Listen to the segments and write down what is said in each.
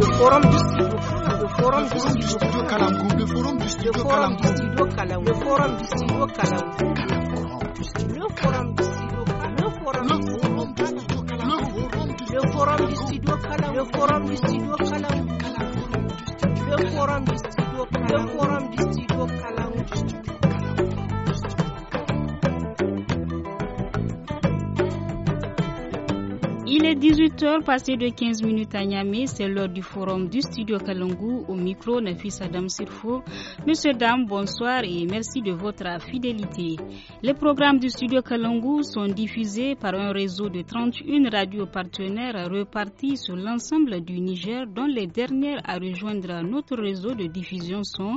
The forum du studio le forum du The Kalamkou le forum du The Kalamkou le forum du The Kalamkou le forum du The Kalamkou le forum du The Kalamkou le forum du The Kalamkou le forum du studio Kalamkou le forum du studio Kalamkou le forum du studio Il est 18h, passé de 15 minutes à Niamey. C'est l'heure du forum du studio kalungu Au micro, Nafis Adam Sirfo. Monsieur, dame, bonsoir et merci de votre fidélité. Les programmes du studio Kalongo sont diffusés par un réseau de 31 radios partenaires repartis sur l'ensemble du Niger, dont les dernières à rejoindre notre réseau de diffusion sont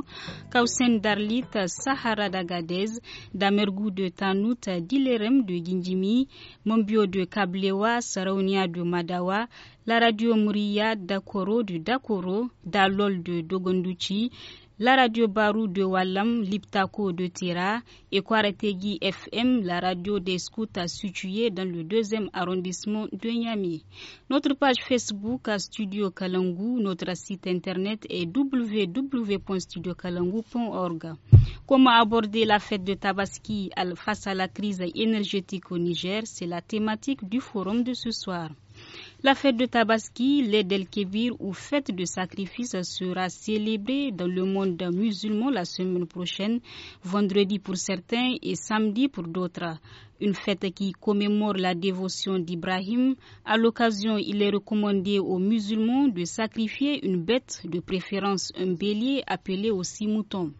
Kausen Darlit, Sahara d'Agadez, Damergou de Tanout, Dilerem de Gindimi, Mombio de Kablewa, Saraouni de Madawa, la radio Mouria Dakoro du Dakoro, Dalol de Dogonduchi la radio Barou de Wallam, Liptako de Tira et Kwaretegi FM, la radio des scouts située dans le deuxième arrondissement de Niamey. Notre page Facebook à Studio Kalangu, notre site internet est www.studiokalangu.org. Comment aborder la fête de Tabaski face à la crise énergétique au Niger C'est la thématique du forum de ce soir. La fête de Tabaski, l'aide El Kébir ou fête de sacrifice sera célébrée dans le monde musulman la semaine prochaine, vendredi pour certains et samedi pour d'autres. Une fête qui commémore la dévotion d'Ibrahim. À l'occasion, il est recommandé aux musulmans de sacrifier une bête, de préférence un bélier appelé aussi mouton.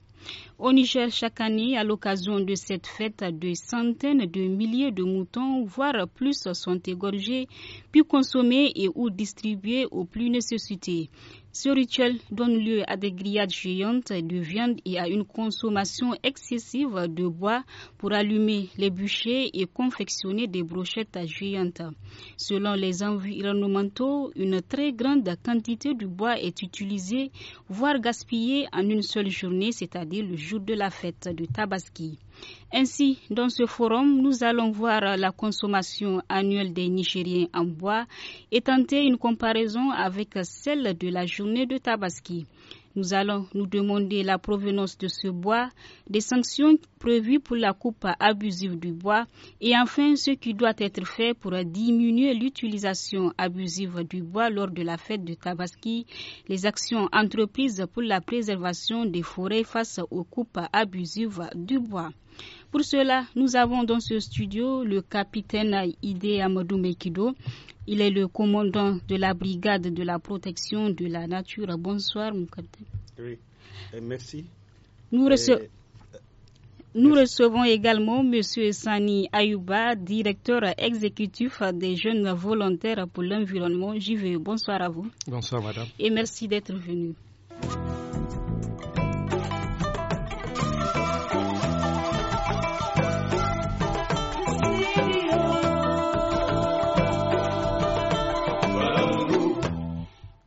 Au Niger, chaque année, à l'occasion de cette fête, des centaines de milliers de moutons, voire plus, sont égorgés, puis consommés et ou distribués aux plus nécessités. Ce rituel donne lieu à des grillades géantes de viande et à une consommation excessive de bois pour allumer les bûchers et confectionner des brochettes géantes. Selon les environnementaux, une très grande quantité de bois est utilisée, voire gaspillée en une seule journée, c'est-à-dire le jour de la fête de Tabaski. Ainsi, dans ce forum, nous allons voir la consommation annuelle des Nigériens en bois et tenter une comparaison avec celle de la journée de Tabaski. Nous allons nous demander la provenance de ce bois, des sanctions prévues pour la coupe abusive du bois et enfin ce qui doit être fait pour diminuer l'utilisation abusive du bois lors de la fête de Tabaski, les actions entreprises pour la préservation des forêts face aux coupes abusives du bois. Pour cela, nous avons dans ce studio le capitaine Ide Amadou Mekido. Il est le commandant de la brigade de la protection de la nature. Bonsoir, mon capitaine. Oui, merci. Nous, euh, recevons également M. Sani Ayouba, directeur exécutif des jeunes volontaires pour l'environnement. J'y vais. Bonsoir à vous. Bonsoir, madame. Et merci d'être venu.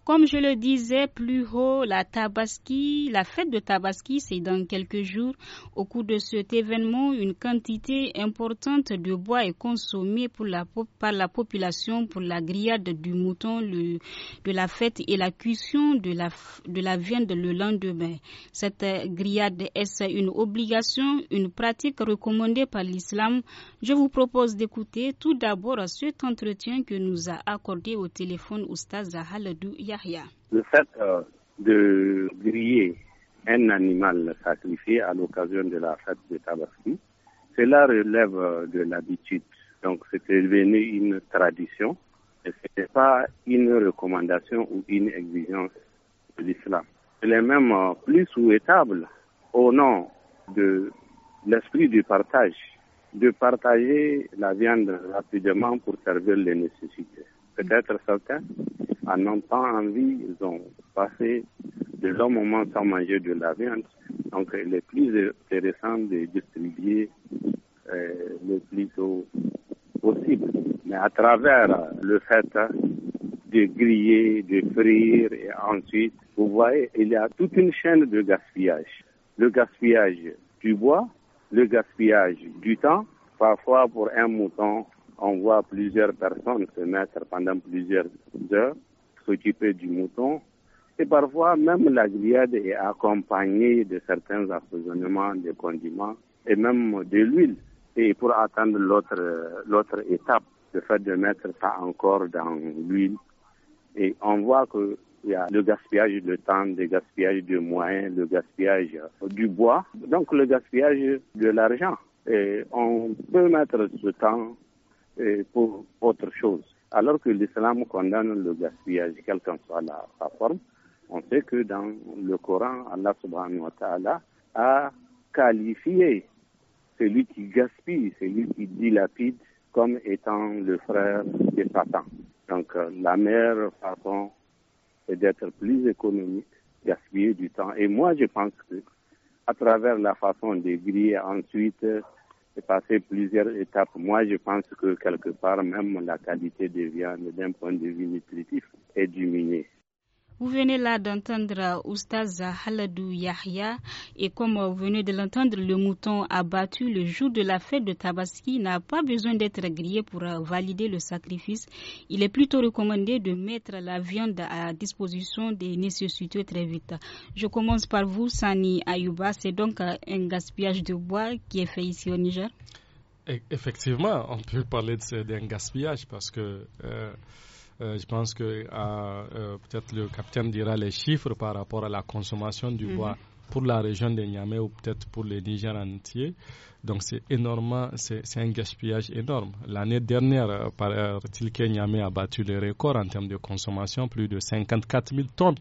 Comme je le disais plus haut, la Tabaski, la fête de Tabaski, c'est dans quelques jours. Au cours de cet événement, une quantité importante de bois est consommée pour la, par la population pour la grillade du mouton de la fête et la cuisson de la, de la viande le lendemain. Cette grillade est une obligation, une pratique recommandée par l'islam. Je vous propose d'écouter tout d'abord cet entretien que nous a accordé au téléphone Oustaz Zahal Douya. Le fait euh, de griller un animal sacrifié à l'occasion de la fête de Tabaski, cela relève euh, de l'habitude. Donc c'est devenu une tradition et ce n'est pas une recommandation ou une exigence de l'islam. Elle est même euh, plus souhaitable au nom de l'esprit du partage, de partager la viande rapidement pour servir les nécessités. Peut-être certains en n'ont pas envie, ils ont passé de longs moments sans manger de la viande. Donc, il est plus intéressant de distribuer euh, le plus tôt possible. Mais à travers le fait hein, de griller, de frire et ensuite, vous voyez, il y a toute une chaîne de gaspillage. Le gaspillage du bois, le gaspillage du temps. Parfois, pour un mouton, on voit plusieurs personnes se mettre pendant plusieurs heures s'occuper du mouton. Et parfois, même la grillade est accompagnée de certains assaisonnements, de condiments et même de l'huile. Et pour atteindre l'autre, l'autre étape, le fait de mettre ça encore dans l'huile. Et on voit que il y a le gaspillage de temps, le gaspillage de moyens, le gaspillage du bois, donc le gaspillage de l'argent. Et on peut mettre ce temps pour autre chose. Alors que l'islam condamne le gaspillage, quel qu'en soit la, forme, on sait que dans le Coran, Allah subhanahu wa ta'ala a qualifié celui qui gaspille, celui qui dilapide, comme étant le frère de euh, Satan. Donc la meilleure façon est d'être plus économique, gaspiller du temps. Et moi, je pense que à travers la façon de griller ensuite c'est passé plusieurs étapes. Moi, je pense que quelque part, même la qualité des viandes d'un point de vue nutritif est diminuée. Vous venez là d'entendre Oustaz Haladou Yahya et comme vous venez de l'entendre, le mouton abattu le jour de la fête de Tabaski n'a pas besoin d'être grillé pour valider le sacrifice. Il est plutôt recommandé de mettre la viande à disposition des nécessités très vite. Je commence par vous, Sani Ayuba. C'est donc un gaspillage de bois qui est fait ici au Niger e-, Effectivement, on peut parler d'un gaspillage parce que... Euh, euh, je pense que euh, peut-être le capitaine dira les chiffres par rapport à la consommation du bois. Mhm. pour la région de Niamey ou peut-être pour le Niger entier. Donc c'est énorme, c'est un gaspillage énorme. L'année dernière, euh, par il Niamey a battu le record en termes de consommation, plus de 54 000 tonnes,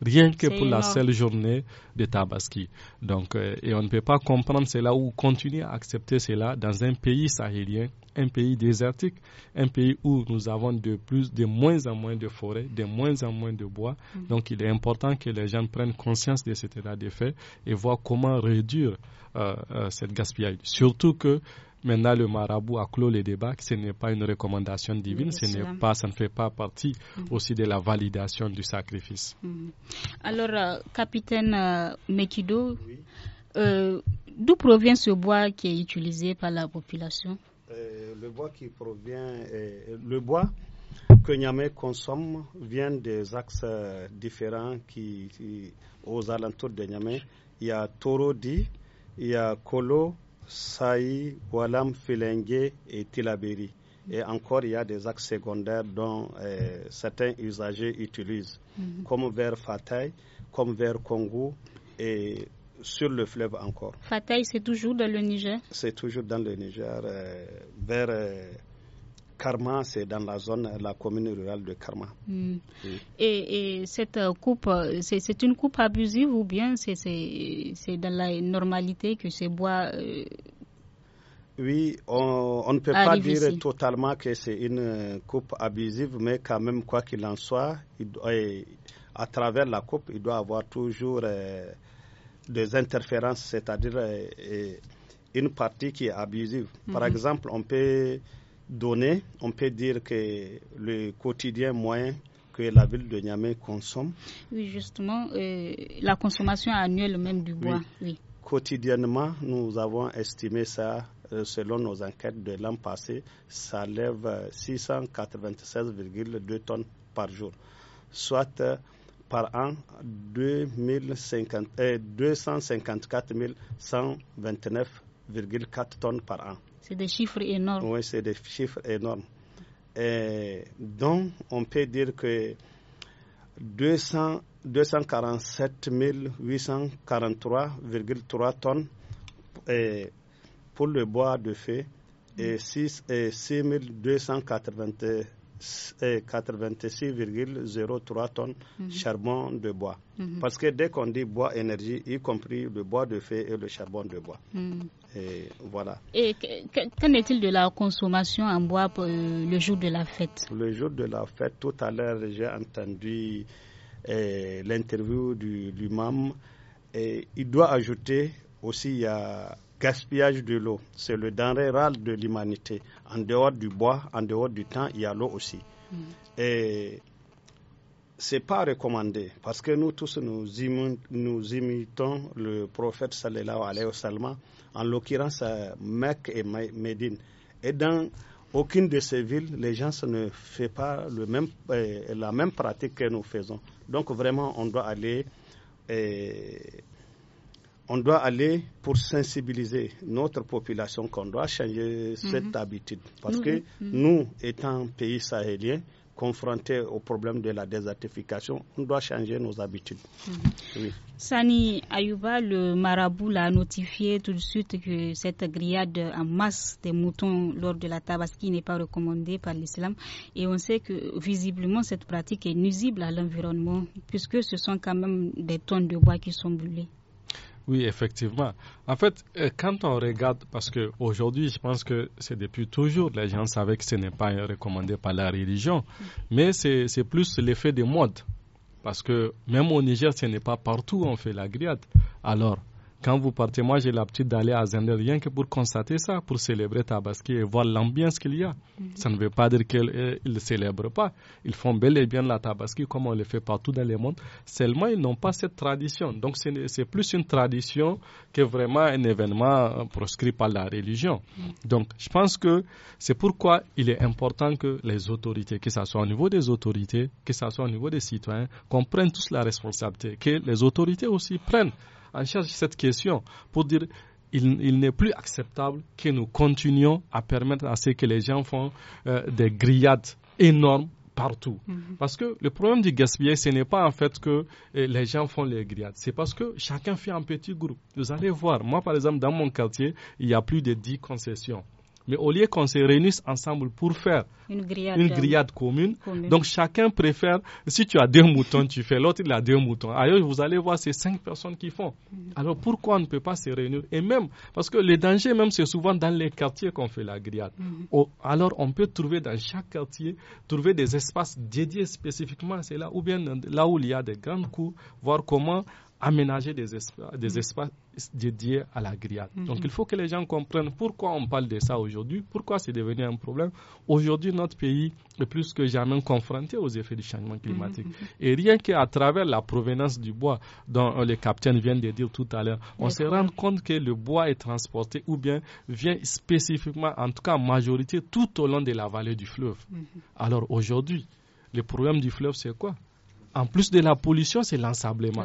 rien que pour la seule journée de Tabaski. Donc, et on ne peut pas comprendre cela ou continuer à accepter cela dans un pays sahélien un pays désertique, un pays où nous avons de plus, de moins en moins de forêts, de moins en moins de bois. Mm. Donc, il est important que les gens prennent conscience de cet état de fait et voient comment réduire euh, euh, cette gaspillage. Surtout que Maintenant, le marabout a clos les débats. Ce n'est pas une recommandation divine, ce n'est pas, ça ne fait pas partie mm. aussi de la validation du sacrifice. Mm. Alors, euh, capitaine Mekido, d'où provient ce bois qui est utilisé par la population euh, le bois qui provient, euh, le bois que Niamey consomme vient des axes différents qui, aux alentours de Niamey. Il y a Torodi, il y a Kolo, Saï, Walam, Filengue et Tilaberi. Et encore, il y a des axes secondaires dont euh, certains usagers utilisent, mhm. comme vers Fatay, comme vers Congo et sur le fleuve encore. Fataï, c'est toujours dans le Niger C'est toujours dans le Niger. Euh, vers euh, Karma, c'est dans la zone, la commune rurale de Karma. Hmm. Et, cette euh, coupe, c'est une coupe abusive ou bien c'est dans la normalité que ces bois. oui, on, ne peut pas dire totalement que c'est une coupe abusive, mais quand même, quoi qu'il en soit, il à travers la coupe, il doit avoir toujours des interférences, c'est-à-dire euh, euh, une partie qui est abusive. Par mhm. exemple, on peut donner, on peut dire que le quotidien moyen que la ville de Niamey consomme. Oui, justement, euh, la consommation annuelle même du bois. Oui. Quotidiennement, nous avons estimé ça, selon nos enquêtes de l'an passé, ça lève 696,2 tonnes par jour, soit par an 2050, eh, 254 129,4 tonnes par an. C'est des chiffres énormes. Oui, c'est des chiffres énormes. Et donc, on peut dire que 200, 247 843,3 tonnes euh, pour le bois de feu et, 6, et 6 280 86,03 tonnes mhm. charbon de bois. Mhm. Parce que dès qu'on dit bois énergie, y compris le bois de feu et le charbon de bois. Mhm. Et voilà. Et qu'en est-il de la consommation en bois euh, le jour de la fête Le jour de la fête, tout à l'heure, j'ai entendu eh, l'interview du, l'Imam Et il doit ajouter aussi, il y a gaspillage de l'eau, c'est le danger rare de l'humanité. En dehors du bois, en dehors du temps, il y a l'eau aussi. Mm. Et c'est pas recommandé parce que nous tous nous, imitons, le prophète sallallahu alayhi wa sallam, en l'occurrence euh, Mecque et Médine. Et dans aucune de ces villes, les gens ne font pas le même, euh, la même pratique que nous faisons. Donc vraiment, on doit aller on doit aller pour sensibiliser notre population qu'on doit changer cette mhm. habitude. Parce mhm. que mhm. nous, étant pays sahélien, confronté au problème de la désertification, on doit changer nos habitudes. Sani Ayuba le marabout l'a notifié tout de suite que cette grillade en masse des moutons lors de la tabaski n'est pas recommandée par l'islam. Et on sait que visiblement cette pratique est nuisible à l'environnement puisque ce sont quand même des tonnes de bois qui sont brûlées. Oui, effectivement. En fait, euh, quand on regarde, parce qu'aujourd'hui, je pense que c'est depuis toujours, les gens savaient que ce n'est pas recommandé par la religion, mais c'est plus l'effet des modes. Parce que même au Niger, ce n'est pas partout on fait la griade. Alors, quand vous partez, moi j'ai l'habitude d'aller à Zender rien que pour constater ça, pour célébrer Tabaski et voir l'ambiance qu'il y a. Mhm. Ça ne veut pas dire qu'ils ne célèbrent pas. Ils font bel et bien la Tabaski comme on le fait partout dans le monde. Seulement, ils n'ont pas cette tradition. Donc, c'est plus une tradition que vraiment un événement proscrit par la religion. Mhm. Donc, je pense que c'est pourquoi il est important que les autorités, que ce soit au niveau des autorités, que ce soit au niveau des citoyens, qu'on prenne tous la responsabilité, que les autorités aussi prennent on cherche cette question pour dire il, n'est plus acceptable que nous continuions à permettre à ce que les gens font euh, des grillades énormes partout. Mhm. Parce que le problème du gaspillage, ce n'est pas en fait que euh, les gens font les grillades, c'est parce que chacun fait un petit groupe. Vous allez voir, moi par exemple, dans mon quartier, il y a plus de 10 concessions. Mais au lieu qu'on se réunisse ensemble pour faire une grillade, commune, donc chacun préfère, si tu as deux moutons, tu fais, l'autre il a deux moutons. Ailleurs, vous allez voir, c'est cinq personnes qui font. Alors pourquoi on ne peut pas se réunir Et même, parce que les dangers, même, c'est souvent dans les quartiers qu'on fait la grillade. Mhm. Alors on peut trouver dans chaque quartier, trouver des espaces dédiés spécifiquement à cela, ou bien là où il y a des grandes cours, voir comment aménager des, mm. espaces, dédiés à la grillade. Mm-hmm. Donc il faut que les gens comprennent pourquoi on parle de ça aujourd'hui, pourquoi c'est devenu un problème. Aujourd'hui, notre pays est plus que jamais confronté aux effets du changement climatique. Mm-hmm, mm-hmm. Et rien qu'à travers la provenance du bois, dont euh, les capitaines viennent de dire tout à l'heure, on se rend compte que le bois est transporté ou bien vient spécifiquement, en tout cas en majorité, tout au long de la vallée du fleuve. Alors aujourd'hui, le problème du fleuve, c'est quoi en plus de la pollution, c'est l'ensablement.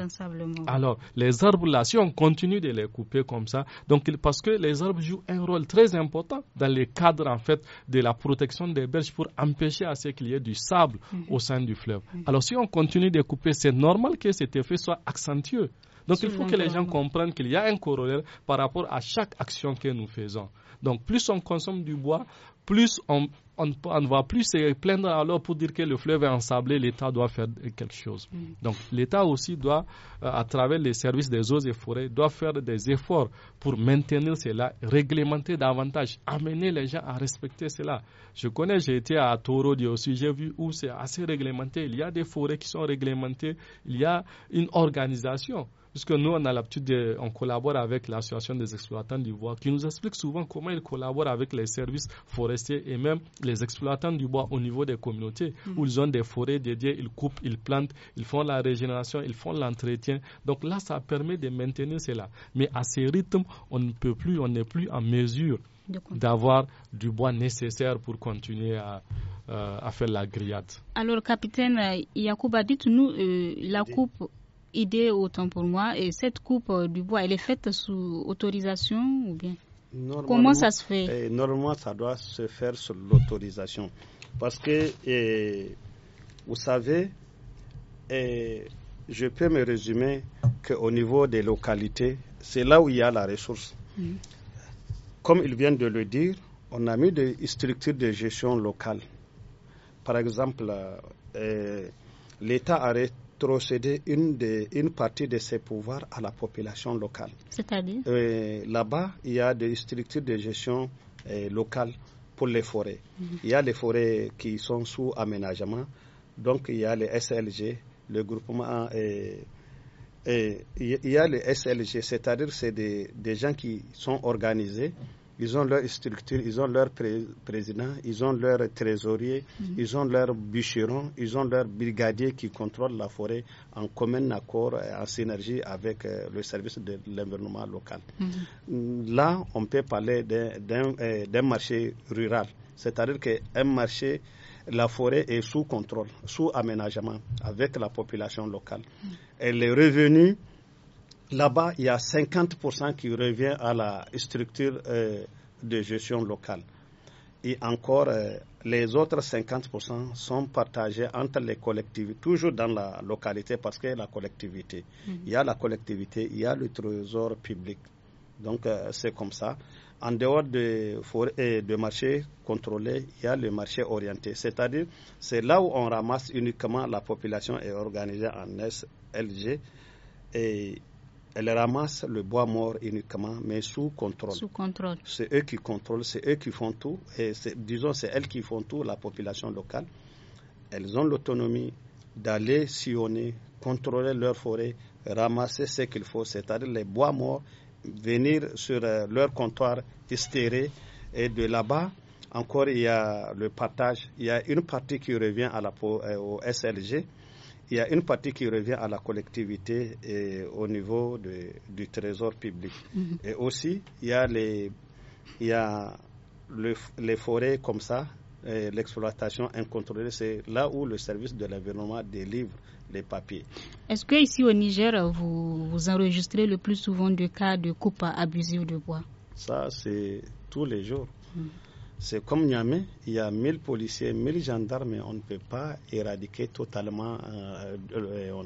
Alors, les arbres là, si on continue de les couper comme ça, donc parce que les arbres jouent un rôle très important dans le cadre en fait de la protection des berges pour empêcher à ce qu'il y ait du sable mm-hmm. au sein du fleuve. Mm-hmm. Alors, si on continue de couper, c'est normal que cet effet soit accentué. Donc, il faut que les gens comprennent qu'il y a un corollaire par rapport à chaque action que nous faisons. Donc, plus on consomme du bois, plus on on ne va plus se plaindre alors pour dire que le fleuve est ensablé, l'État doit faire quelque chose. Mm. Donc l'État aussi doit, euh, à travers les services des eaux et forêts, doit faire des efforts pour maintenir cela, réglementer davantage, amener les gens à respecter cela. Je connais, j'ai été à Toro aussi, j'ai vu où c'est assez réglementé. Il y a des forêts qui sont réglementées, il y a une organisation puisque nous, on a l'habitude, de, on collabore avec l'association des exploitants du bois, qui nous explique souvent comment ils collaborent avec les services forestiers et même les exploitants du bois au niveau des communautés, mm. où ils ont des forêts dédiées, ils coupent, ils plantent, ils font la régénération, ils font l'entretien. Donc là, ça permet de maintenir cela. Mais à ces rythmes, on ne peut plus, on n'est plus en mesure d'avoir du bois nécessaire pour continuer à, euh, faire la grillade. Alors, capitaine euh, Yacouba, dites-nous euh, la coupe idée autant pour moi. Et cette coupe euh, du bois, elle est faite sous autorisation ou bien Comment ça se fait eh, Normalement, ça doit se faire sous l'autorisation. Parce que, eh, vous savez, eh, je peux me résumer qu'au niveau des localités, c'est là où il y a la ressource. Comme il vient de le dire, on a mis des structures de gestion locale. Par exemple, euh, l'État arrête procéder une, une partie de ses pouvoirs à la population locale. C'est-à-dire euh, Là-bas, il y a des structures de gestion euh, locale pour les forêts. Mhm. Il y a les forêts qui sont sous aménagement, donc il y a les SLG, le groupement. Euh, euh, il y a les SLG, c'est-à-dire c'est des, des, gens qui sont organisés ils ont leur structure, ils ont leur président, ils ont leur trésorier, mhm. ils ont leur bûcheron, ils ont leur brigadier qui contrôle la forêt en commun accord, en synergie avec euh, le service de l'environnement local. Mhm. Mm, là, on peut parler d'un euh, marché rural, c'est-à-dire qu'un marché, la forêt est sous contrôle, sous aménagement avec la population locale. Mhm. Et les revenus là-bas, il y a 50% qui revient à la structure euh, de gestion locale. Et encore, euh, les autres 50% sont partagés entre les collectivités, toujours dans la localité, parce que la collectivité. Mhm. Il y a la collectivité, il y a le trésor public. Donc, euh, c'est comme ça. En dehors de, de marché contrôlé, il y a le marché orienté. C'est-à-dire, c'est là où on ramasse uniquement la population et organisée en SLG. Et elles ramassent le bois mort uniquement, mais sous contrôle. Sous contrôle. C'est eux qui contrôlent, c'est eux qui font tout. Et disons, c'est elles qui font tout, la population locale. Elles ont l'autonomie d'aller sillonner, contrôler leur forêts, ramasser ce qu'il faut, c'est-à-dire les bois morts, venir sur euh, leur comptoir, estérer. Et de là-bas, encore, il y a le partage. Il y a une partie qui revient à la, euh, au SLG il y a une partie qui revient à la collectivité et au niveau du trésor public. Mhm. Et aussi, il y a les, forêts comme ça, l'exploitation incontrôlée, c'est là où le service de l'environnement délivre les papiers. Est-ce que ici au Niger, vous, enregistrez le plus souvent de cas de coupe ou de bois Ça, c'est tous les jours. Mhm. C'est comme Niamey, il y a mille policiers, 1000 gendarmes, mais on ne peut pas éradiquer totalement euh, euh,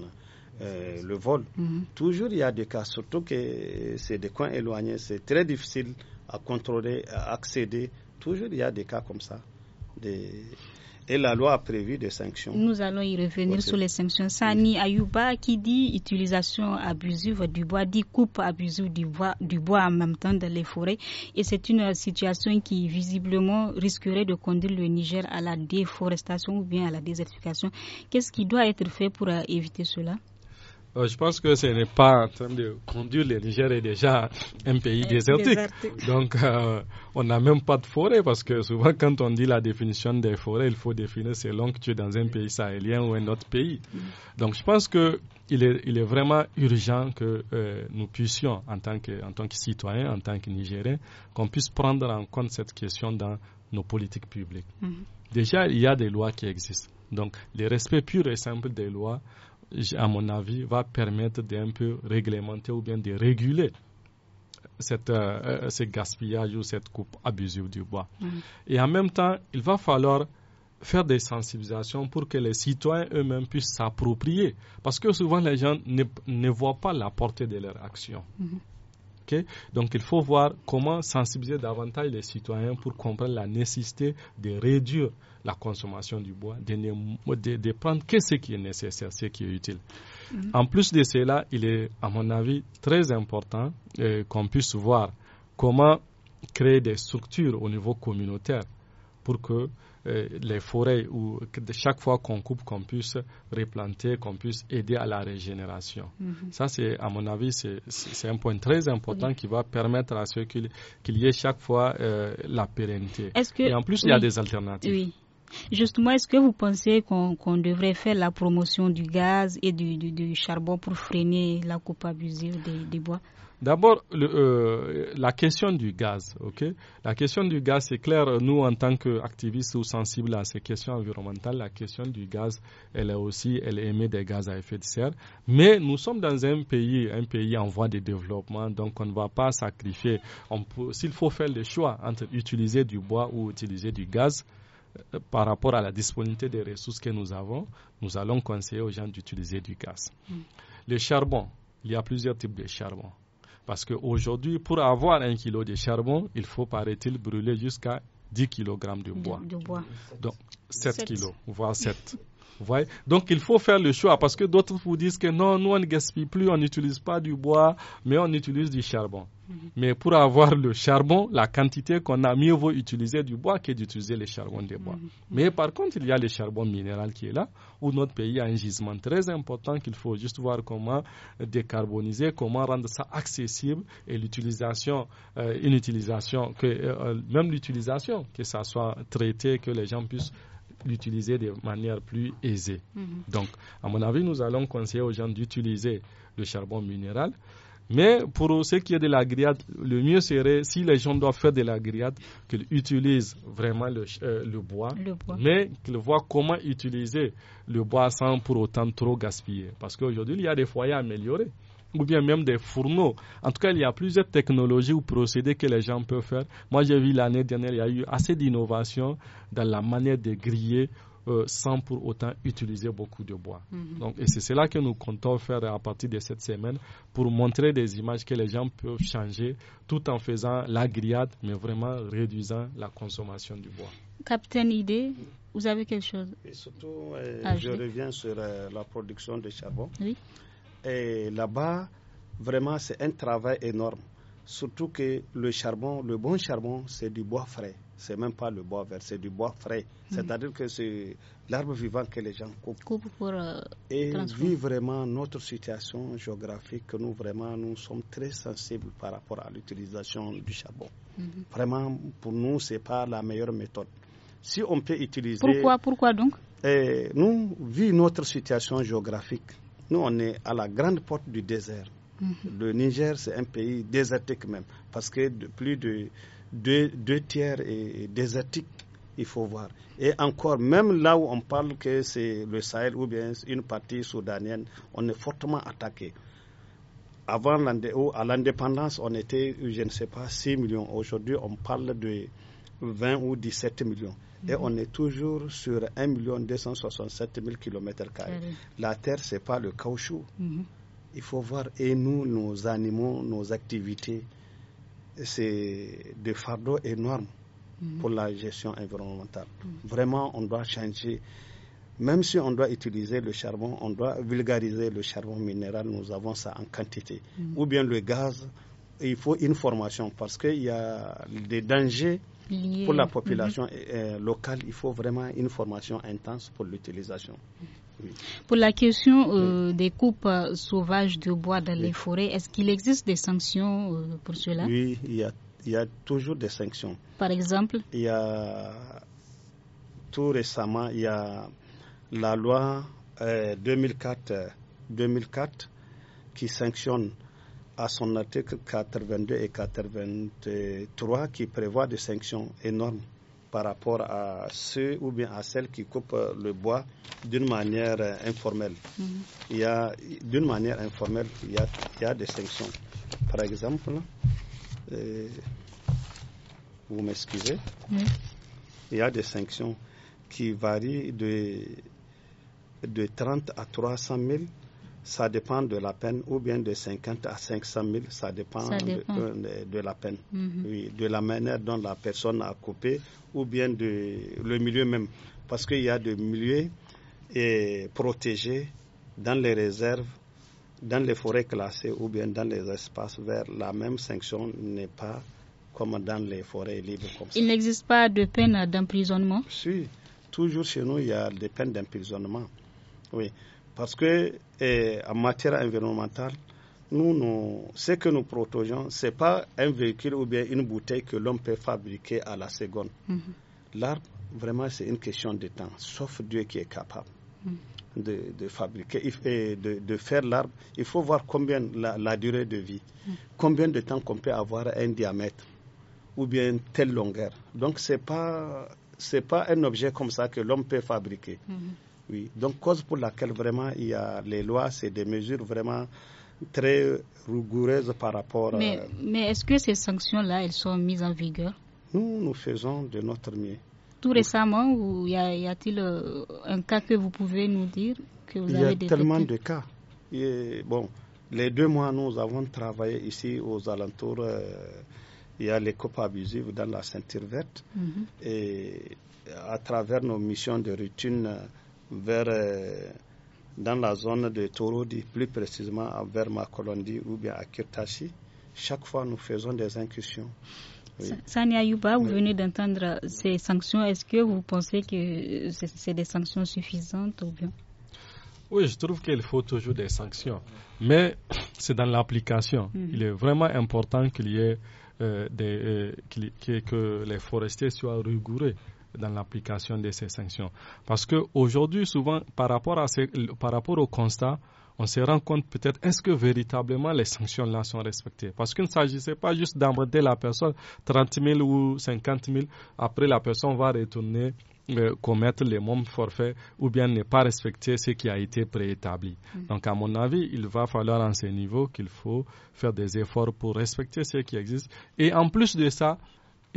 euh, le vol. Mm-hmm. Toujours il y a des cas, surtout que c'est des coins éloignés, c'est très difficile à contrôler, à accéder. Toujours il y a des cas comme ça. Et la loi a prévu des sanctions. Nous allons y revenir sur les sanctions. Sani Ayuba qui dit utilisation abusive du bois, dit coupe abusive du bois, du bois en même temps dans les forêts. Et c'est une situation qui visiblement risquerait de conduire le Niger à la déforestation ou bien à la désertification. Qu'est-ce qui doit être fait pour euh, éviter cela? Euh, je pense que ce n'est pas en train de conduire. Le Niger est déjà un pays euh, désertique. Donc, euh, on n'a même pas de forêt parce que souvent, quand on dit la définition des forêts, il faut définir selon que tu es dans un pays sahélien ou un autre pays. Donc, je pense que il est, il est vraiment urgent que euh, nous puissions, en tant que, en tant que citoyens, en tant que Nigériens, qu'on puisse prendre en compte cette question dans nos politiques publiques. Mhm. Déjà, il y a des lois qui existent. Donc, le respect pur et simple des lois à mon avis, va permettre d'un peu réglementer ou bien de réguler euh, euh, ce gaspillage ou cette coupe abusive du bois. Mm. Et en même temps, il va falloir faire des sensibilisations pour que les citoyens eux-mêmes puissent s'approprier. Parce que souvent, les gens ne, voient pas la portée de leur action. Mm-hmm. Donc il faut voir comment sensibiliser davantage les citoyens pour comprendre la nécessité de réduire la consommation du bois, de prendre que ce qui est nécessaire, ce qui est utile. Mm-hmm. En plus de cela, il est, à mon avis, très important euh, qu'on puisse voir comment créer des structures au niveau communautaire pour que euh, les forêts où chaque fois qu'on coupe, qu'on puisse replanter, qu'on puisse aider à la régénération. Mhm. Ça, c'est, à mon avis, c'est un point très important qui va permettre à ce qu'il y ait chaque fois euh, la pérennité. Et en plus, il y a des alternatives. Oui. Justement, est-ce que vous pensez qu'on devrait faire la promotion du gaz et du, du, charbon pour freiner la coupe abusive des, des bois D'abord, euh, la question du gaz. La question du gaz, c'est clair, nous, en tant qu'activistes ou sensibles à ces questions environnementales, la question du gaz, elle est aussi, elle émet des gaz à effet de serre. Mais nous sommes dans un pays, un pays en voie de développement, donc on ne va pas sacrifier. S'il faut faire le choix entre utiliser du bois ou utiliser du gaz, euh, par rapport à la disponibilité des ressources que nous avons, nous allons conseiller aux gens d'utiliser du gaz. Mm. Le charbon, il y a plusieurs types de charbon. Parce qu'aujourd'hui, pour avoir un kilo de charbon, il faut, paraît-il, brûler jusqu'à 10 kg de bois. De, bois. Donc, 7, 7, kilos, voire 7. Donc il faut faire le choix parce que d'autres vous disent que non, nous on ne gaspille plus, on n'utilise pas du bois, mais on utilise du charbon. Mhm. Mais pour avoir le charbon, la quantité qu'on a, mieux vaut utiliser du bois que d'utiliser le charbon des bois. Mhm. Mais par contre, il y a le charbon minéral qui est là, où notre pays a un gisement très important qu'il faut juste voir comment décarboniser, comment rendre ça accessible et l'utilisation, euh, une utilisation, que, euh, euh, même l'utilisation, que ça soit traité, que les gens puissent l'utiliser de manière plus aisée. Mhm. Donc, à mon avis, nous allons conseiller aux gens d'utiliser le charbon minéral. Mais pour ce qui est de la grillade, le mieux serait, si les gens doivent faire de la grillade, qu'ils utilisent vraiment le, euh, bois, le bois, mais qu'ils voient comment utiliser le bois sans pour autant trop gaspiller. Parce qu'aujourd'hui, il y a des foyers améliorés ou bien même des fourneaux. En tout cas, il y a plusieurs technologies ou procédés que les gens peuvent faire. Moi, j'ai vu l'année dernière, il y a eu assez d'innovations dans la manière de griller euh, sans pour autant utiliser beaucoup de bois. Mhm. Donc, et c'est cela que nous comptons faire à partir de cette semaine pour montrer des images que les gens peuvent changer tout en faisant la grillade, mais vraiment réduisant la consommation du bois. Capitaine Idée, vous avez quelque chose Et surtout, euh, je reviens sur euh, la production de charbon. Oui. Et là-bas, vraiment, c'est un travail énorme. Surtout que le charbon, le bon charbon, c'est du bois frais. C'est même pas le bois vert, c'est du bois frais. Mhm. C'est-à-dire que c'est l'arbre vivant que les gens coupent. Coupe pour, euh, Et vu vraiment notre situation géographique, nous vraiment, nous sommes très sensibles par rapport à l'utilisation du charbon. Mhm. Vraiment, pour nous, c'est pas la meilleure méthode. Si on peut utiliser. Pourquoi, pourquoi donc eh, Nous, vu notre situation géographique, nous, on est à la grande porte du désert. Mhm. Le Niger, c'est un pays désertique même, parce que plus de deux, tiers est désertique, il faut voir. Et encore, même là où on parle que c'est le Sahel ou bien une partie soudanienne, on est fortement attaqué. Avant à l'indépendance, on était, je ne sais pas, 6 millions. Aujourd'hui, on parle de 20 ou 17 millions. Et mhm. on est toujours sur 1 267 000 km. La terre, ce n'est pas le caoutchouc. Mhm. Il faut voir, et nous, nos animaux, nos activités, c'est des fardeaux énormes mhm. pour la gestion environnementale. Vraiment, on doit changer. Même si on doit utiliser le charbon, on doit vulgariser le charbon minéral, nous avons ça en quantité. Ou bien le gaz, il faut une formation parce qu'il y a des dangers pour la mhm. population eh, eh, locale, il faut vraiment une formation intense pour l'utilisation. Pour la question euh, des coupes euh, sauvages de bois dans les forêts, est-ce qu'il existe des sanctions euh, pour cela Oui, il y, a, toujours des sanctions. Par exemple Il y a tout récemment, il y a la loi 2004, 2004 qui sanctionne à son article 82 et 83 qui prévoit des sanctions énormes par rapport à ceux ou bien à celles qui coupent le bois d'une manière informelle. Mhm. Il y a d'une manière informelle, il y, a, il y a, des sanctions. Par exemple, euh, vous m'excusez, il y a des sanctions qui varient de, de 30 à 300 000 ça dépend de la peine, ou bien de 50 à 500 000, ça dépend, euh, De, la peine, mhm. oui, de la manière dont la personne a coupé, ou bien de le milieu même. Parce qu'il y a des milieux et protégés dans les réserves, dans les forêts classées, ou bien dans les espaces verts. La même sanction n'est pas comme dans les forêts libres. Comme il n'existe pas de peine d'emprisonnement Si, toujours chez nous, il y a des peines d'emprisonnement. Oui. Parce que eh, en matière environnementale, nous, ce que nous protégeons, ce n'est pas un véhicule ou bien une bouteille que l'homme peut fabriquer à la seconde. Mhm. L'arbre, vraiment, c'est une question de temps, sauf Dieu qui est capable. Mhm. de, fabriquer et eh, de, faire l'arbre, il faut voir combien la, durée de vie, mhm. combien de temps qu'on peut avoir un diamètre ou bien telle longueur. Donc, ce n'est pas un objet comme ça que l'homme peut fabriquer. Oui. Donc, cause pour laquelle vraiment il y a les lois, c'est des mesures vraiment très rigoureuses par rapport mais, à... Euh, mais est-ce que ces sanctions-là, elles sont mises en vigueur Nous, nous faisons de notre mieux. Tout récemment, ou y a-t-il euh, un cas que vous pouvez nous dire que vous Il y a tellement de cas. Et, bon, les deux mois, nous avons travaillé ici aux alentours. Euh, il y a les copes abusives dans la ceinture verte. Mhm. Et à travers nos missions de routine vers, euh, dans la zone de Torodi, plus précisément vers Makolondi ou bien à Kirtashi. Chaque fois, nous faisons des incursions. Oui. Sania Yuba, vous venez d'entendre ces sanctions. Est-ce que vous pensez que c'est des sanctions suffisantes ou bien Oui, je trouve qu'il faut toujours des sanctions, mais c'est dans l'application. Mm-hmm. Il est vraiment important qu'il y ait euh, euh, que les forestiers soient rigoureux dans l'application de ces sanctions. Parce qu'aujourd'hui, souvent, par rapport, à ces, par rapport au constat, on se rend compte peut-être est-ce que véritablement les sanctions là sont respectées Parce qu'il ne s'agissait pas juste d'embêter la personne 30 000 ou 50 000, après la personne va retourner euh, commettre les mêmes forfaits ou bien ne pas respecter ce qui a été préétabli. Mm. Donc, à mon avis, il va falloir à ce niveau qu'il faut faire des efforts pour respecter ce qui existe. Et en plus de ça,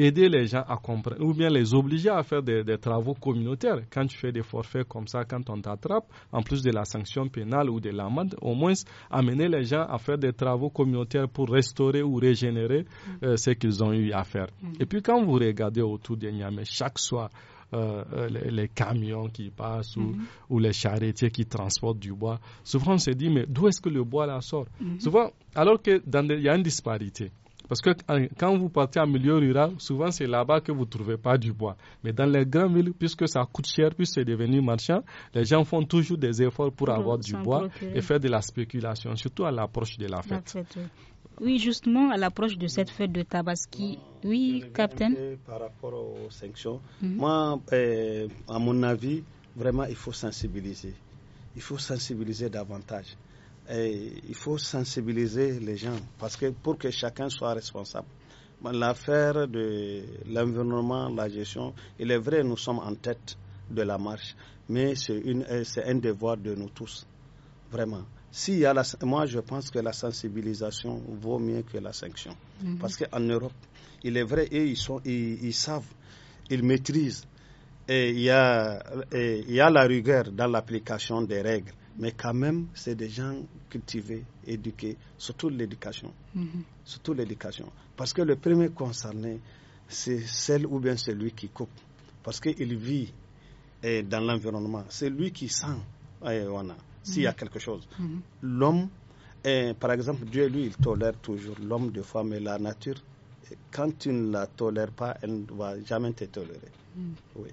aider les gens à comprendre, ou bien les obliger à faire des, travaux communautaires. Quand tu fais des forfaits comme ça, quand on t'attrape, en plus de la sanction pénale ou de l'amende, au moins amener les gens à faire des travaux communautaires pour restaurer ou régénérer mm. euh, ce qu'ils ont eu à faire. Mm. Et puis quand vous regardez autour de Niamey chaque soir, euh, euh, les, camions qui passent mm-hmm. ou, les charretiers qui transportent du bois. Souvent, on se dit, mais d'où est-ce que le bois sort mm-hmm. Souvent, alors qu'il il y a une disparité. Parce que euh, quand vous partez en milieu rural, souvent c'est là-bas que vous ne trouvez pas du bois. Mais dans les grandes villes, puisque ça coûte cher, puisque c'est devenu marchand, les gens font toujours des efforts pour, mhm, avoir du bois et faire de la spéculation, surtout à l'approche de la fête. oui. justement, à l'approche de cette fête de Tabaski. Oui, Captain. Par rapport aux sanctions, mhm. moi, euh, à mon avis, vraiment, il faut sensibiliser. Il faut sensibiliser davantage il faut sensibiliser les gens parce que pour que chacun soit responsable. L'affaire de l'environnement, la gestion, il est vrai, nous sommes en tête de la marche, mais c'est un devoir de nous tous, vraiment. Si y a la, moi, je pense que la sensibilisation vaut mieux que la sanction. Mhm. Parce qu'en Europe, il est vrai, et ils, sont, ils, savent, ils maîtrisent. Et il y il y a la rigueur dans l'application des règles mais quand même, c'est des gens cultivés, éduqués, surtout l'éducation. Mhm. Surtout l'éducation. Parce que le premier concerné, c'est celle ou bien celui qui coupe. Parce qu'il vit eh, dans l'environnement. C'est lui qui sent eh, s'il y a mhm. quelque chose. Mhm. L'homme, eh, par exemple, Dieu, lui, il tolère toujours l'homme, de femme et la nature. Quand tu ne la tolères pas, elle ne va jamais te tolérer. Oui.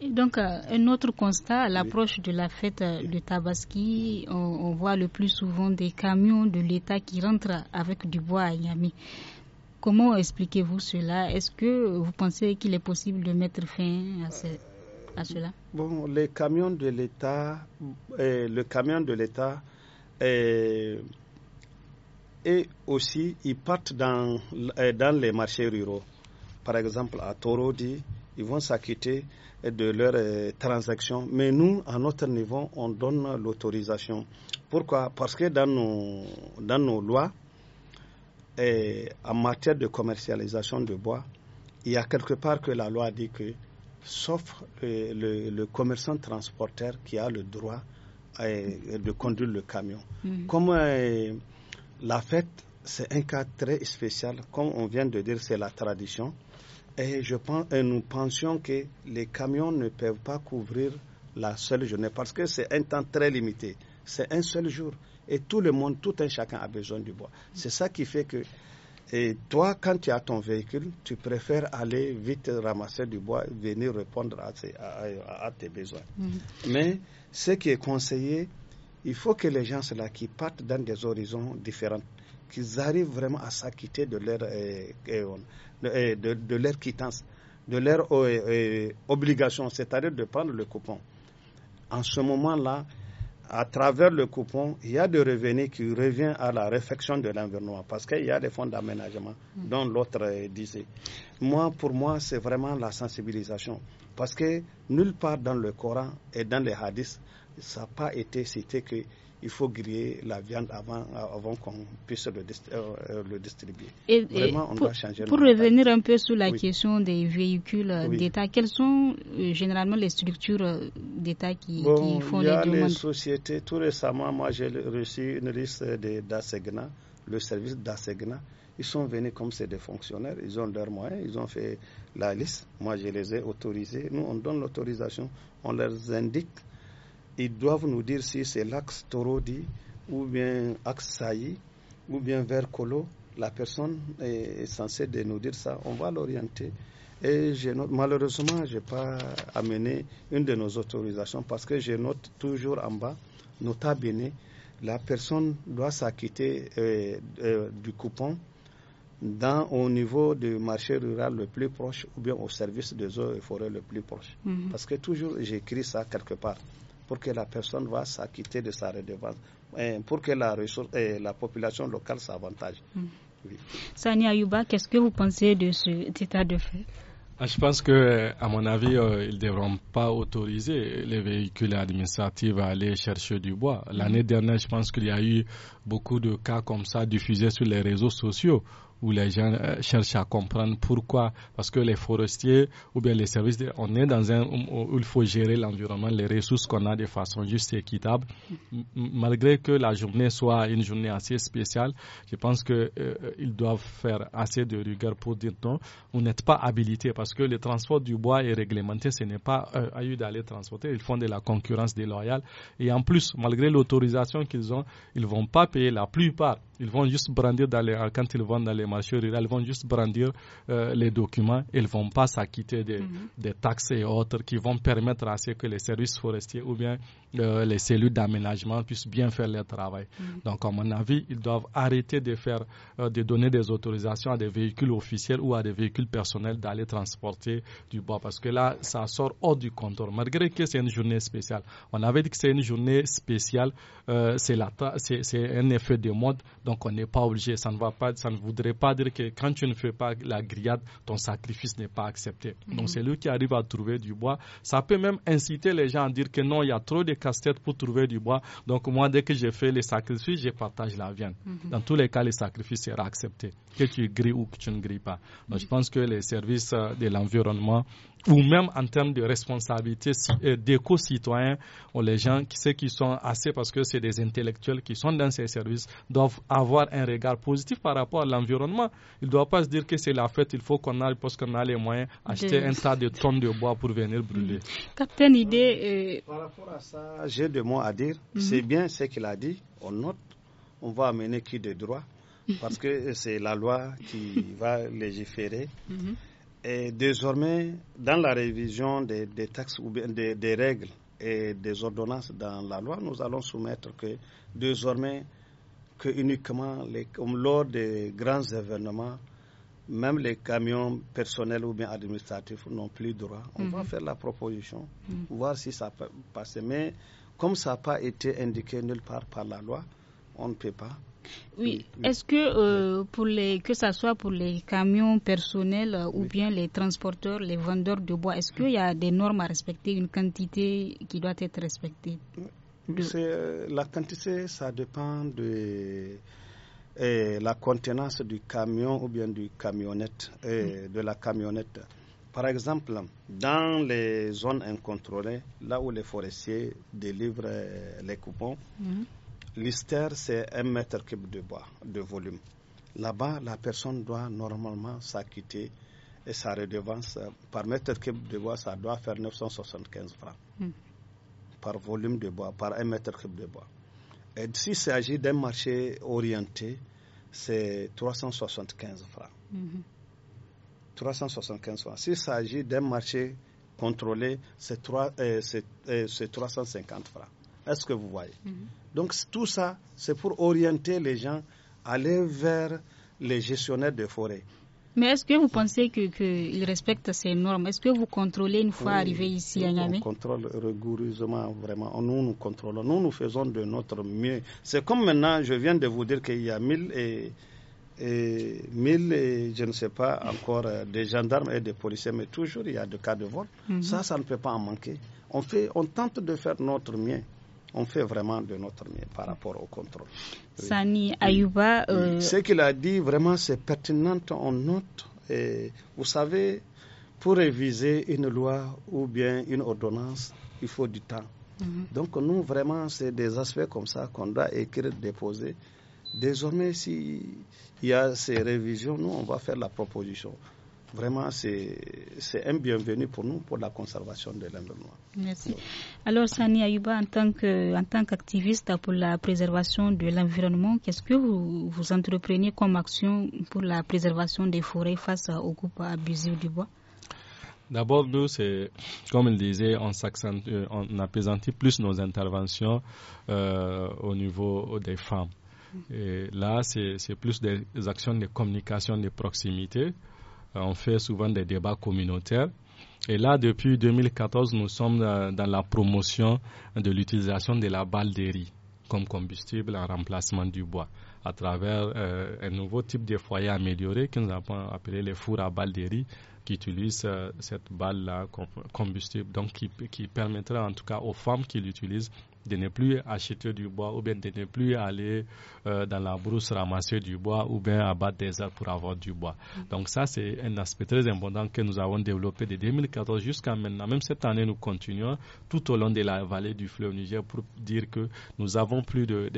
Et donc, euh, un autre constat, à l'approche de la fête euh, de Tabaski, on, voit le plus souvent des camions de l'État qui rentrent avec du bois à Yami. Comment expliquez-vous cela Est-ce que vous pensez qu'il est possible de mettre fin à, ce, cela Bon, les camions de l'État, euh, le camion de l'État et aussi ils partent dans, dans les marchés ruraux. Par exemple, à Torodi, ils vont s'acquitter de leurs euh, transactions. Mais nous, à notre niveau, on donne l'autorisation. Pourquoi Parce que dans nos, dans nos lois, eh, en matière de commercialisation de bois, il y a quelque part que la loi dit que, sauf le, le, commerçant transporteur qui a le droit eh, de conduire le camion. Mm-hmm. Comme eh, la fête, c'est un cas très spécial, comme on vient de dire, c'est la tradition. Et, je pense, nous pensions que les camions ne peuvent pas couvrir la seule journée parce que c'est un temps très limité. C'est un seul jour. Et tout le monde, tout un chacun a besoin du bois. C'est ça qui fait que toi, quand tu as ton véhicule, tu préfères aller vite ramasser du bois et venir répondre à, tes, besoins. Mm-hmm. Mais ce qui est conseillé, il faut que les gens là, qui partent dans des horizons différents, qu'ils arrivent vraiment à s'acquitter de leur eh, eh, eh, de, de, leur quittance, de leur oh, eh, eh, obligation, c'est-à-dire de prendre le coupon. En ce moment-là, à travers le coupon, il y a des revenus qui reviennent à la réfection de l'environnement parce qu'il y a des fonds d'aménagement mm. dont l'autre disait. Moi, pour moi, c'est vraiment la sensibilisation parce que nulle part dans le Coran et dans les hadiths, ça n'a pas été cité que il faut griller la viande avant, avant qu'on puisse le, euh, euh, le distribuer. Vraiment, on pour, doit changer Pour revenir un peu sur la question des véhicules euh, d'État, quelles sont généralement les structures d'État qui, font les demandes Il y a les sociétés. Tout récemment, moi, j'ai reçu une liste d'Assegna, le service d'Assegna. Ils sont venus comme c'est des fonctionnaires, ils ont leurs moyens, ils ont fait la liste. Moi, je les ai autorisés. Nous, on donne l'autorisation, on leur indique ils doivent nous dire si c'est l'axe Torodi ou bien axe Saï ou bien vers Colo. La personne est censée de nous dire ça. On va l'orienter. Et malheureusement, je n'ai pas amené une de nos autorisations parce que je note toujours en bas, nota la personne doit s'acquitter euh, euh, du coupon dans, au niveau du marché rural le plus proche ou bien au service des eaux et forêts le plus proche. Mm-hmm. Parce que toujours j'écris ça quelque part pour que la personne va s'acquitter de sa redevance, eh, pour que eh, la, population locale s'avantage. Mm. Sani Ayuba, qu'est-ce que vous pensez de cet état de fait ah, je pense que, à mon avis, euh, ils ne devront pas autoriser les véhicules administratifs à aller chercher du bois. L'année dernière, je pense qu'il y a eu beaucoup de cas comme ça diffusés sur les réseaux sociaux où les gens euh, cherchent à comprendre pourquoi. Parce que les forestiers ou bien les services, on est dans un où il faut gérer l'environnement, les ressources qu'on a de façon juste et équitable. Malgré que la journée soit une journée assez spéciale, je pense qu'ils euh, doivent faire assez de rigueur pour dire non, vous n'êtes pas habilité parce que le transport du bois est réglementé, ce n'est pas euh, à eux d'aller transporter, ils font de la concurrence déloyale. Et en plus, malgré l'autorisation qu'ils ont, ils ne vont pas payer la plupart ils vont juste brandir quand ils vont dans les marchés ruraux, ils vont juste brandir euh, les documents. Ils ne vont pas s'acquitter mhm. des, taxes et autres qui vont permettre à ce que les services forestiers ou bien euh, les cellules d'aménagement puissent bien faire leur travail. Mhm. Donc, à mon avis, ils doivent arrêter de faire, euh, de donner des autorisations à des véhicules officiels ou à des véhicules personnels d'aller transporter du bois parce que là, ça sort hors du contour. Malgré que c'est une journée spéciale, on avait dit que c'est une journée spéciale, c'est un effet de mode. Donc on n'est pas obligé, ça ne va pas, ça ne voudrait pas dire que quand tu ne fais pas la grillade, ton sacrifice n'est pas accepté. Mhm. Donc c'est lui qui arrive à trouver du bois. Ça peut même inciter les gens à dire que non, il y a trop de casse-tête pour trouver du bois. Donc moi, dès que j'ai fait les sacrifices, je partage la viande. Mhm. Dans tous les cas, le sacrifice sera accepté, que tu grilles ou que tu ne grilles pas. Donc mhm. je pense que les services euh, de l'environnement ou même en termes de responsabilité euh, d'éco-citoyens, les gens, ceux qui sont assez, parce que c'est des intellectuels qui sont dans ces services, doivent avoir un regard positif par rapport à l'environnement. Ils ne doivent pas se dire que c'est la fête, il faut qu'on aille parce qu'on a les moyens acheter un tas de tonnes de bois pour venir brûler. Mm. Capitaine Idée. Euh, euh, par rapport à ça, j'ai deux mots à dire. Mhm. C'est bien ce qu'il a dit, on note, on va amener qui de droit, parce que c'est la loi qui va légiférer. Mhm. Et désormais, dans la révision des, ou des, des, règles et des ordonnances dans la loi, nous allons soumettre que désormais, que uniquement les, lors des grands événements, même les camions personnels ou bien administratifs n'ont plus droit. On va mhm. faire la proposition, mhm. voir si ça peut passer. Mais comme ça n'a pas été indiqué nulle part par la loi, on ne peut pas. Oui, est-ce que euh, pour les que ça soit pour les camions personnels euh, ou bien les transporteurs, les vendeurs de bois, est-ce qu'il y a des normes à respecter, une quantité qui doit être respectée euh, La quantité, ça dépend de eh, la contenance du camion ou bien du camionnette, eh, de la camionnette. Par exemple, dans les zones incontrôlées, là où les forestiers délivrent eh, les coupons, mhm. Lister, c'est un mètre cube de bois, de volume. Là-bas, la personne doit normalement s'acquitter et sa redevance par mètre cube de bois, ça doit faire 975 francs. Hmm. Par volume de bois, par un mètre cube de bois. Et s'il s'agit d'un marché orienté, c'est 375 francs. 375 hmm. francs. S'il s'agit d'un marché contrôlé, c'est 350 euh, euh, francs. Est-ce que vous voyez hmm. Donc tout ça, c'est pour orienter les gens, à aller vers les gestionnaires de forêts. Mais est-ce que vous pensez qu'ils respectent ces normes Est-ce que vous contrôlez une fois arrivé ici à Niamey On contrôle rigoureusement, vraiment. Nous, nous contrôlons. Nous, nous faisons de notre mieux. C'est comme maintenant, je viens de vous dire qu'il y a mille et, mille je ne sais pas encore, euh, des gendarmes et des policiers, mais toujours il y a des cas de vol. Mm-hmm. Ça, ça ne peut pas en manquer. On, fait, on tente de faire notre mieux on fait vraiment de notre mieux par rapport au contrôle. Sani Ayuba. Euh, Ce qu'il a dit, vraiment, c'est pertinent, on note. Et vous savez, pour réviser une loi ou bien une ordonnance, il faut du temps. Mhm. Donc, nous, vraiment, c'est des aspects comme ça qu'on doit écrire, déposer. Désormais, s'il y a ces révisions, nous, on va faire la proposition vraiment, c'est un bienvenu pour nous, pour la conservation de l'environnement. Merci. Alors, Sani Ayuba, en tant qu'activiste pour la préservation de l'environnement, qu'est-ce que vous, vous comme action pour la préservation des forêts face aux coupes abusives du bois D'abord, nous, comme il disait, on, euh, on a présenté plus nos interventions euh, au niveau des femmes. Et là, c'est plus des actions de communication de proximité euh, on fait souvent des débats communautaires. Et là, depuis 2014, nous sommes euh, dans la promotion de l'utilisation de la balle de riz comme combustible en remplacement du bois à travers euh, un nouveau type de foyer amélioré que nous avons appelé les fours à balle de riz qui utilisent cette balle-là comme combustible, donc qui, qui, permettra en tout cas aux femmes qui l'utilisent de ne plus acheter du bois ou bien de ne plus aller euh, dans la brousse ramasser du bois ou bien abattre des arbres pour avoir du bois. Donc ça, c'est un aspect très important que nous avons développé de 2014 jusqu'à maintenant. Même cette année, nous continuons tout au long de la vallée du fleuve Niger pour dire que nous avons plus de,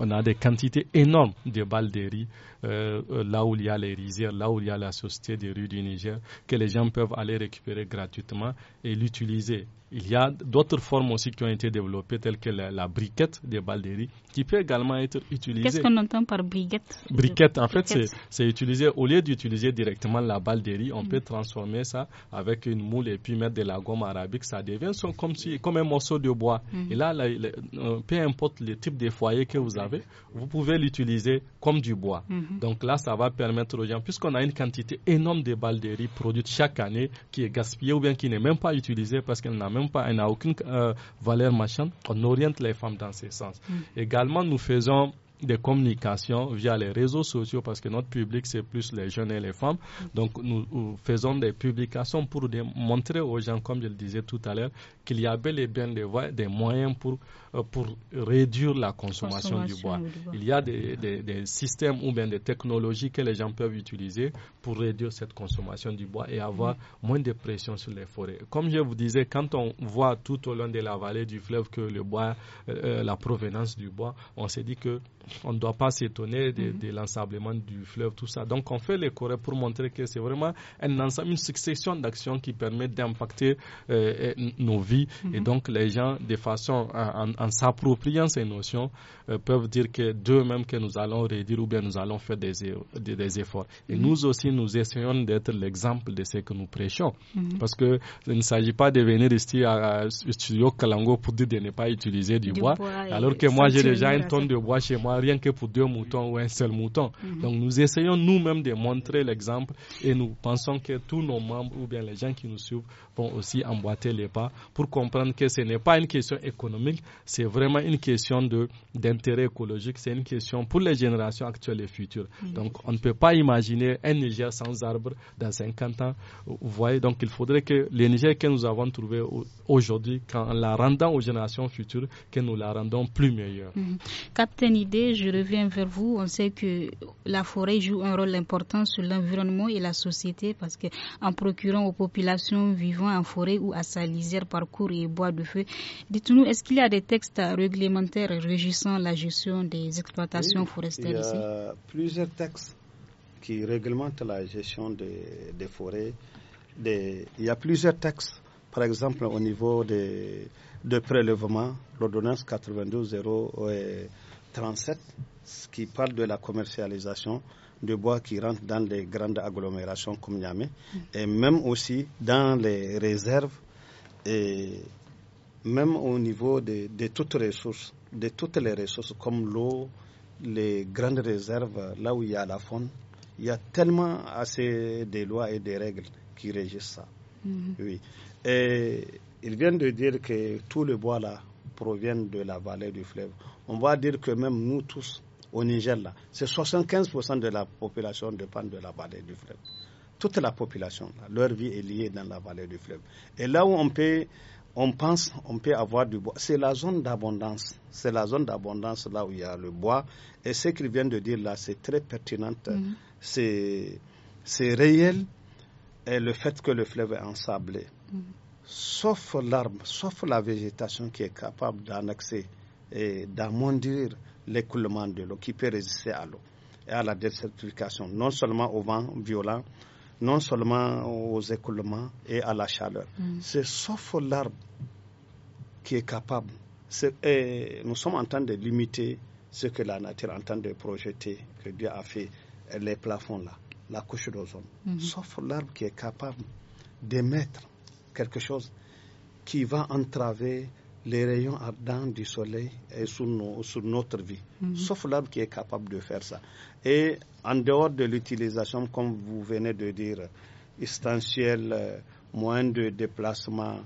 on a des quantités énormes de balles de riz euh, là où il y a les rizières, là où il y a la société des rues du Niger, que les gens peuvent aller récupérer gratuitement et l'utiliser. Il y a d'autres formes aussi qui ont été développées, telles que la, briquette des balles de riz, qui peut également être utilisée. Qu'est-ce qu'on entend par briquette Briquette, en fait, c'est utiliser, au lieu d'utiliser directement la balle de riz, on mm. peut transformer ça avec une moule et puis mettre de la gomme arabique. Ça devient comme, si, comme un morceau de bois. Mm. Et là, euh, peu importe le type de foyer que vous avez, vous pouvez l'utiliser comme du bois. Mm-hmm. Donc là, ça va permettre aux gens, puisqu'on a une quantité énorme de balles de riz produites chaque année qui est gaspillée ou bien qui n'est même pas utilisée parce qu'elle n'a même pas, elle aucune euh, valeur marchande, on oriente les femmes dans ce sens. Mm. Également, nous faisons des communications via les réseaux sociaux parce que notre public c'est plus les jeunes et les femmes. Donc nous, faisons des publications pour montrer aux gens, comme je le disais tout à l'heure, qu'il y a bel et bien des, moyens pour, euh, pour réduire la consommation, du, bois. Il y a des, des, systèmes ou bien des technologies que les gens peuvent utiliser pour réduire cette consommation du bois et avoir mm. moins de pression sur les forêts. Comme je vous disais, quand on voit tout au long de la vallée du fleuve que le bois, euh, euh, la provenance du bois, on s'est dit que on ne doit pas s'étonner de, mhm. de du fleuve, tout ça. Donc on fait les corrects pour montrer que c'est vraiment un ensemble, une succession d'actions qui permet d'impacter euh, euh nos vies. Et mhm. donc les gens, de façon, en, en s'appropriant ces notions, euh, peuvent dire que d'eux-mêmes que nous allons réduire ou bien nous allons faire des, des, efforts. Et mhm. nous aussi, nous essayons d'être l'exemple de ce que nous prêchons. Parce que il ne s'agit pas de venir ici à, Studio Kalango pour dire de ne pas utiliser du, bois, alors que moi j'ai déjà une tonne de bois chez moi rien que pour deux moutons ou un seul mouton. Mhm. Donc nous essayons nous-mêmes de montrer l'exemple et nous pensons que tous nos membres ou bien les gens qui nous suivent vont aussi emboîter les pas pour comprendre que ce n'est pas une question économique, c'est vraiment une question d'intérêt écologique, c'est une question pour les générations actuelles et futures. Donc on ne peut pas imaginer un Niger sans arbres dans 50 ans. Vous voyez, donc il faudrait que le Niger que nous avons trouvé aujourd'hui, qu'en la rendant aux générations futures, que nous la rendons plus meilleure. Mhm. Captain Idée, je reviens vers vous. On sait que la forêt joue un rôle important sur l'environnement et la société parce que en procurant aux populations vivant en forêt ou à sa lisière parcours et bois de feu, dites-nous, est-ce qu'il y a des textes réglementaires régissant la gestion des exploitations forestières il y a Plusieurs textes qui réglementent la gestion des, forêts. il y a plusieurs textes, par exemple au niveau des de prélèvement, l'ordonnance 92-0 37 qui parle de la commercialisation de bois qui rentre dans les grandes agglomérations comme Niamey et même aussi dans les réserves et même au niveau de, de toutes les ressources, de toutes les ressources comme l'eau, les grandes réserves, là où il y a la faune, il y a tellement assez de lois et de règles qui régissent ça. Mm-hmm. Oui. Et ils viennent de dire que tout le bois là proviennent de la vallée du fleuve. On va dire que même nous tous, au Niger, là, c'est 75% de la population dépend de la vallée du fleuve. Toute la population, leur vie est liée dans la vallée du fleuve. Et là où on pense, on peut avoir du bois, c'est la zone d'abondance. C'est la zone d'abondance là où il y a le bois. Et ce qu'il vient de dire là, c'est très pertinent. Mm-hmm. C'est réel. Et le fait que le fleuve est ensablé. Mm-hmm sauf l'arbre, sauf la végétation qui est capable d'annexer et d'amondir l'écoulement de l'eau, qui peut résister à l'eau et à la désertification, non seulement au vent violent, non seulement aux écoulements et à la chaleur. Mm. C'est sauf l'arbre qui est capable. nous sommes en train de limiter ce que la nature est en train de projeter, que Dieu a fait, les plafonds là, la couche d'ozone. Mm-hmm. Sauf l'arbre qui est capable d'émettre quelque chose qui va entraver les rayons ardents du soleil et sur, notre vie, mhm. sauf l'arbre qui est capable de faire ça. Et en dehors de l'utilisation, comme vous venez de dire, essentielle, euh, moins de déplacement,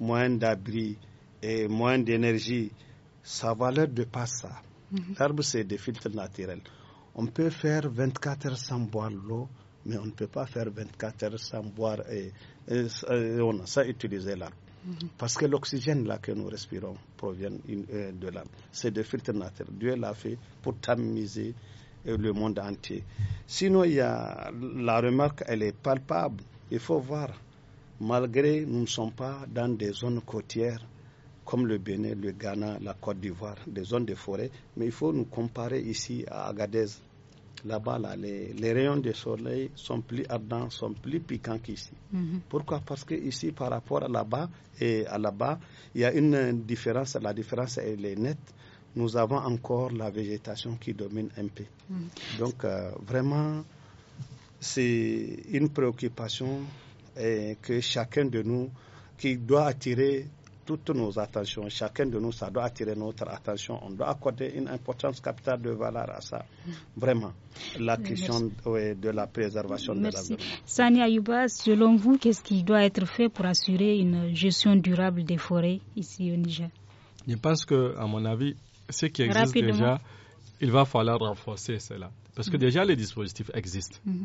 moins d'abri et moins d'énergie, sa valeur dépasse ça. Mhm. L'arbre, c'est des filtres naturels. On peut faire 24 heures sans boire l'eau, mais on ne peut pas faire 24 heures sans boire et, on sans utiliser l'arbre. Mhm. Parce que l'oxygène là que nous respirons provient euh, de l'arbre. C'est des filtres naturels. Dieu l'a fait pour tamiser euh, le monde entier. Sinon, la remarque, elle est palpable. Il faut voir, malgré nous ne sommes pas dans des zones côtières comme le Bénin, le Ghana, la Côte d'Ivoire, des zones de forêt, mais il faut nous comparer ici à Agadez, Là-bas, là, les, rayons de soleil sont plus ardents, sont plus piquants qu'ici. Mhm. Pourquoi Parce que ici, par rapport à là-bas et à là-bas, il y a une différence. La différence est nette. Nous avons encore la végétation qui domine un peu. Mhm. Donc, euh, vraiment, c'est une préoccupation eh, que chacun de nous qui doit attirer toutes nos attentions, chacun de nous, ça doit attirer notre attention. On doit accorder une importance capitale de valeur à ça. Vraiment, la question de la préservation de la ville. Sani Ayuba, selon vous, qu'est-ce qui doit être fait pour assurer une gestion durable des forêts ici au Niger Je pense que, à mon avis, ce qui existe déjà, il va falloir renforcer cela. Parce que mm. déjà, les dispositifs existent. Mm-hmm.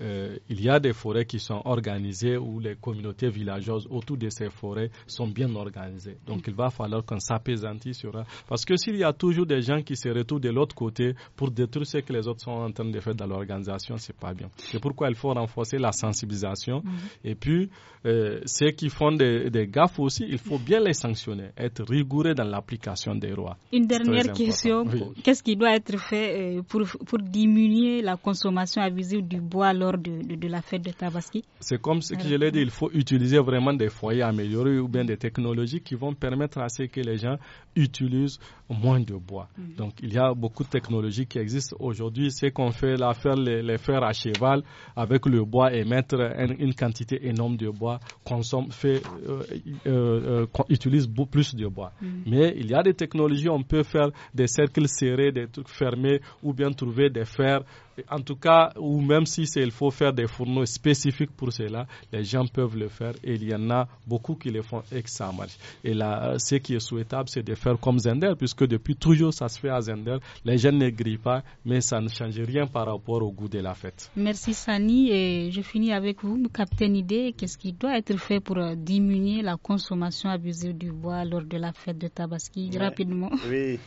Euh, il y a des forêts qui sont organisées où les communautés villageoises autour de ces forêts sont bien organisées. Donc il va falloir qu'on s'apaisantisse sur Parce que s'il y a toujours des gens qui se retrouvent de l'autre côté pour détruire ce que les autres sont en train de faire dans l'organisation, c'est pas bien. C'est pourquoi il faut renforcer la sensibilisation. Mhm. Et puis, euh, ceux qui font des, des, gaffes aussi, il faut bien les sanctionner, être rigoureux dans l'application des lois. Une dernière question. Qu'est-ce qui doit être fait euh, pour, pour diminuer la consommation abusive du bois lors de, la fête de Tabaski C'est comme ce que je l'ai dit, il faut utiliser vraiment des foyers améliorés ou bien des technologies qui vont permettre à ce que les gens utilisent moins de bois. Mm-hmm. Donc il y a beaucoup de technologies qui existent aujourd'hui. C'est qu'on fait là, faire les, fers à cheval avec le bois et mettre une, quantité énorme de bois, consomme, fait, euh, euh, euh, utilise beaucoup plus de bois. Mm-hmm. Mais il y a des technologies, on peut faire des cercles serrés, des trucs fermés ou bien trouver des fers en tout cas, ou même si il faut faire des fourneaux spécifiques pour cela, les gens peuvent le faire et il y en a beaucoup qui le font et marche. Et là, ce qui est souhaitable, c'est de faire comme Zender, puisque depuis toujours ça se fait à Zender. Les jeunes ne grillent pas, mais ça ne change rien par rapport au goût de la fête. Merci Sani et je finis avec vous, Capitaine Idée. Qu'est-ce qui doit être fait pour euh, diminuer la consommation abusive du bois lors de la fête de Tabaski rapidement Oui,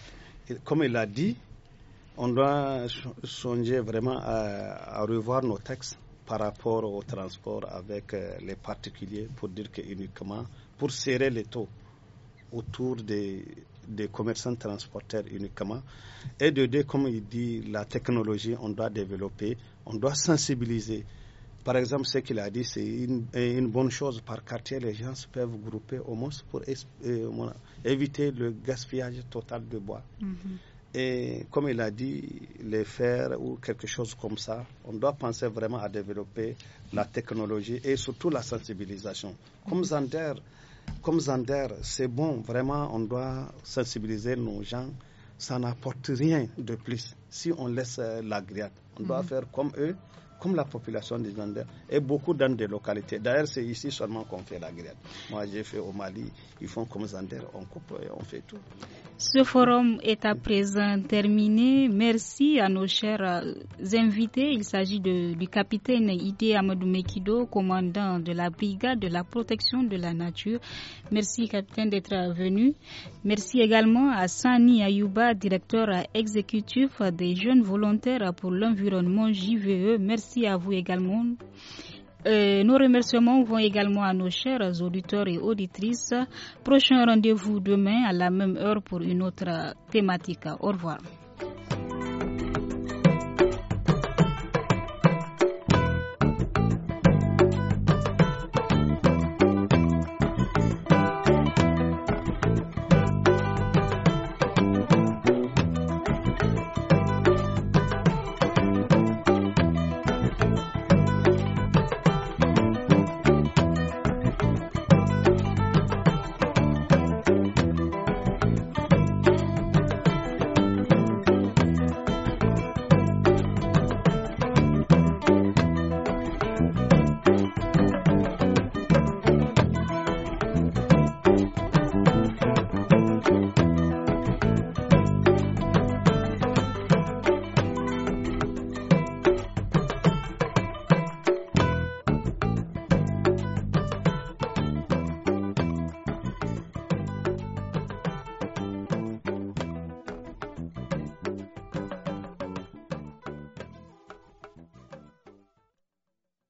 comme il l'a dit, on doit songer vraiment à, revoir nos textes par rapport au transport avec euh, les particuliers pour dire que uniquement pour serrer les taux autour des, des commerçants transporteurs uniquement. Et de deux, comme il dit, la technologie, on doit développer, on doit sensibiliser. Par exemple, ce qu'il a dit, c'est une, bonne chose par quartier. Les gens peuvent grouper au moins pour euh, éviter le gaspillage total de bois. Mm-hmm. Et comme il a dit, les faire ou quelque chose comme ça, on doit penser vraiment à développer la technologie et surtout la sensibilisation. Comme Zander, comme Zander, c'est bon, vraiment, on doit sensibiliser nos gens. Ça n'apporte rien de plus si on laisse euh, la On doit mhm. faire comme eux comme la population des Zander, et beaucoup dans des localités. D'ailleurs, c'est ici seulement qu'on fait la grève. Moi, j'ai fait au Mali, ils font comme Zander, on coupe et on fait tout. Ce forum est à présent terminé. Merci à nos chers euh, invités. Il s'agit du capitaine Idé Amadou Mekido, commandant de la brigade de la protection de la nature. Merci, capitaine, d'être venu. Merci également à Sani Ayouba, directeur exécutif des jeunes volontaires pour l'environnement JVE. Merci Merci à vous également. Euh, nos remerciements vont également à nos chers auditeurs et auditrices. Prochain rendez-vous demain à la même heure pour une autre thématique. Au revoir.